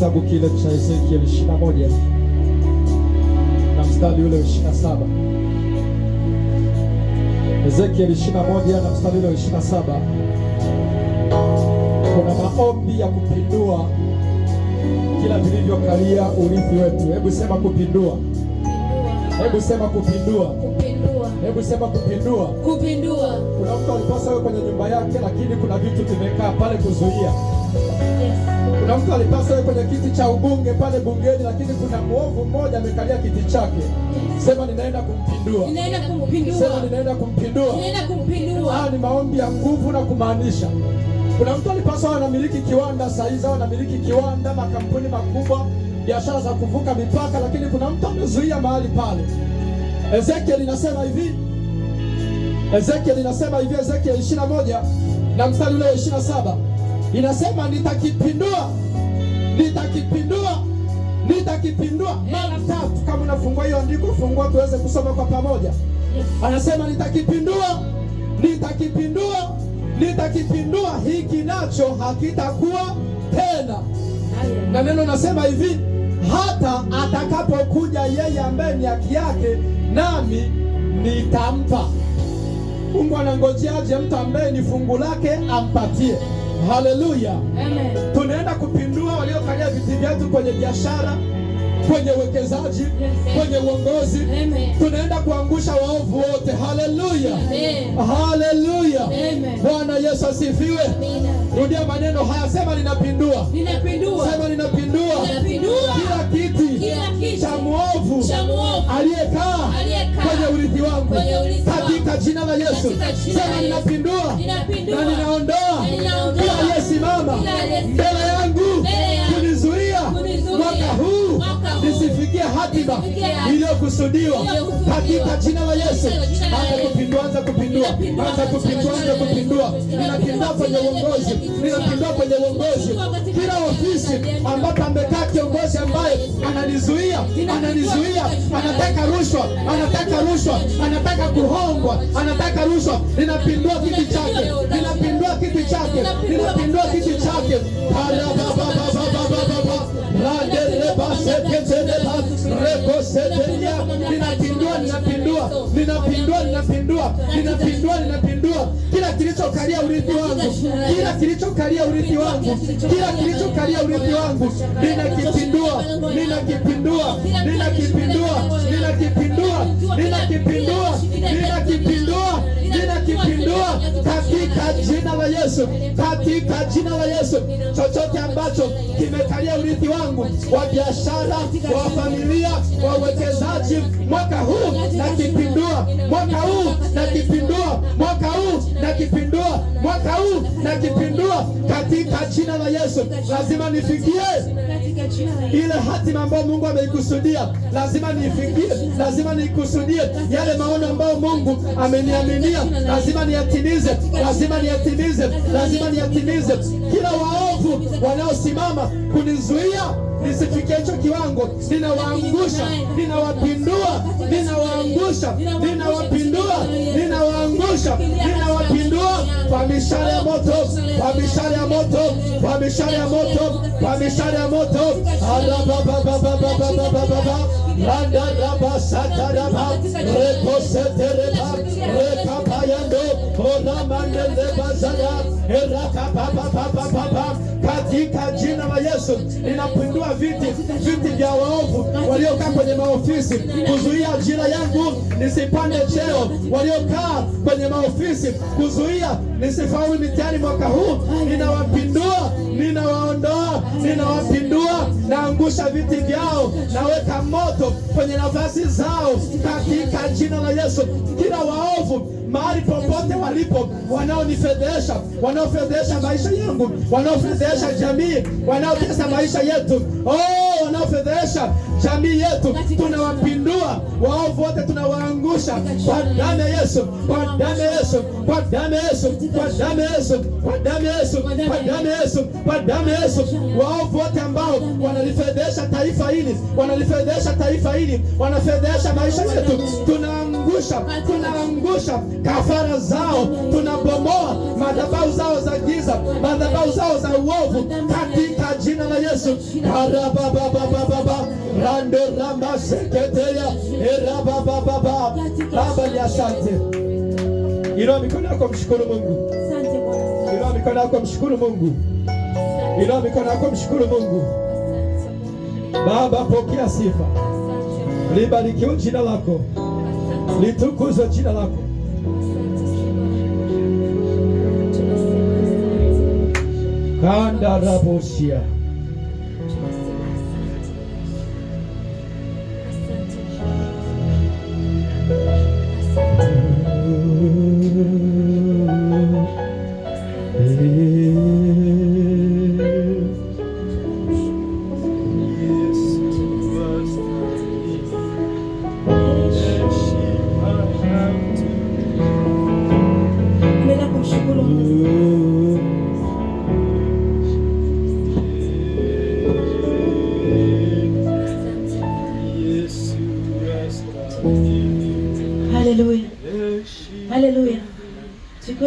kitabu kile cha Ezekiel 21 na mstari ule wa 27. Ezekiel 21 na mstari ule wa 27, kuna maombi ya kupindua kila vilivyokalia urithi wetu. Hebu sema kupindua, hebu sema kupindua, hebu sema kupindua, kupindua. Kuna mtu aliposa kwenye nyumba yake, lakini kuna vitu vimekaa pale kuzuia kuna mtu alipaswa kwenye kiti cha ubunge pale bungeni, lakini kuna mwovu mmoja amekalia kiti chake. Sema ninaenda kumpindua, ninaenda kumpindua, sema ninaenda kumpindua, ninaenda kumpindua. Haya ni maombi ya nguvu na kumaanisha kuna mtu alipaswa anamiliki kiwanda saizi, au anamiliki kiwanda, makampuni makubwa, biashara za kuvuka mipaka, lakini kuna mtu amezuia mahali pale. Ezekiel inasema hivi, Ezekiel inasema hivi, Ezekiel 21 na mstari ule 27 inasema nitakipindua, nitakipindua, nitakipindua mara tatu. Kama unafungua hiyo andiko, fungua tuweze kusoma kwa pamoja. Anasema nitakipindua, nitakipindua, nitakipindua, hiki nacho hakitakuwa tena. Na neno nasema hivi, hata atakapokuja yeye ambaye ni haki yake, nami nitampa. Mungu anangojeaje mtu ambaye ni fungu lake ampatie? Haleluya, amen. Tunaenda kupindua waliokalia viti vyetu kwenye biashara, kwenye uwekezaji, kwenye uongozi. Tunaenda kuangusha waovu wote. Haleluya, haleluya. Bwana Yesu asifiwe. Rudia maneno haya, sema ninapindua, ninapindua. Sema ninapindua, ninapindua kila kiti cha mwovu aliyekaa kwenye urithi wangu jina la Yesu, sema ninapindua na ninaondoa kila aliyesimama mbele yangu kunizuia mwaka huu nisifikie hatima iliyokusudiwa katika jina la Yesu. Anza kupindua, anza kupindua, anza kupindua, anza kupindua. Ninapindua kwenye uongozi, ninapindua kwenye uongozi, kila ofisi ambapo ananizuia, ananizuia, anataka rushwa, anataka rushwa, anataka kuhongwa, anataka rushwa. Ninapindua kiti chake, ninapindua kiti chake, ninapindua kiti chake. kilichokalia urithi wangu, kila kilichokalia urithi wangu, kila kilichokalia urithi wangu, ninakipindua, ninakipindua, ninakipindua, ninakipindua, ninakipindua, ninakipindua, ninakipindua katika jina la Yesu, katika jina la Yesu. Chochote ambacho kimekalia urithi wangu wa biashara, wa familia, wa uwekezaji, mwaka huu nakipindua, mwaka huu nakipindua, mwaka huu nakipindua mwaka huu najipindua katika jina la Yesu. Lazima nifikie ile hatima ambayo Mungu ameikusudia, lazima niifikie, lazima niikusudie. Yale maono ambayo Mungu ameniaminia lazima niyatimize, lazima niyatimize, lazima niyatimize. Kila waovu wanaosimama kunizuia nisifikie hicho kiwango, ninawaangusha, ninawapindua, ninawaangusha, ninawapindua, ninawaangusha, ninawapindua kwa mishale ya moto, kwa mishale ya moto, kwa mishale ya moto, kwa mishale ya moto ba, raba sata raba reko sete reba reka payando ona ba ba ba ba ba ba. katika jina la Yesu ninapindua viti viti vya waovu waliokaa kwenye maofisi kuzuia jina yangu nisipande cheo, waliokaa kwenye maofisi kuzuia nisifaulu mitihani mwaka huu, ninawapindua, ninawaondoa, ninawapi angusha viti vyao, naweka moto kwenye nafasi zao katika jina la Yesu. Kila waovu mahali popote walipo, wanaonifedhesha, wanaofedhesha maisha yangu, wanaofedhesha jamii, wanaotesa maisha yetu oh! wanaofedhesha jamii yetu, tunawapindua waovu wote, tunawaangusha kwa damu ya Yesu, kwa damu ya Yesu, kwa damu ya Yesu, kwa damu ya Yesu, kwa damu ya Yesu, kwa damu ya Yesu, kwa damu ya Yesu, waovu wote ambao wanalifedhesha taifa hili, wanalifedhesha taifa hili, wanafedhesha maisha yetu, tunaangusha, tunaangusha kafara zao, tunabomoa madhabahu zao za giza, madhabahu zao za uovu katika jina la Yesu karabababababa rando ramba seketeya erababababa. Baba ni asante, ilo mikono yako mshukuru Mungu, ilo mikono yako mshukuru Mungu, ilo mikono yako mshukuru Mungu. Baba, pokea sifa, libarikiwe jina lako, litukuzwe jina lako kanda rabosia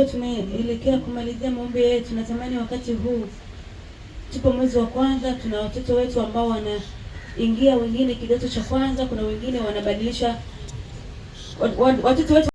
Leo tumeelekea kumalizia maombi yetu. Natamani wakati huu, tupo mwezi wa kwanza, tuna watoto wetu ambao wanaingia wengine kidato cha kwanza, kuna wengine wanabadilisha watoto wetu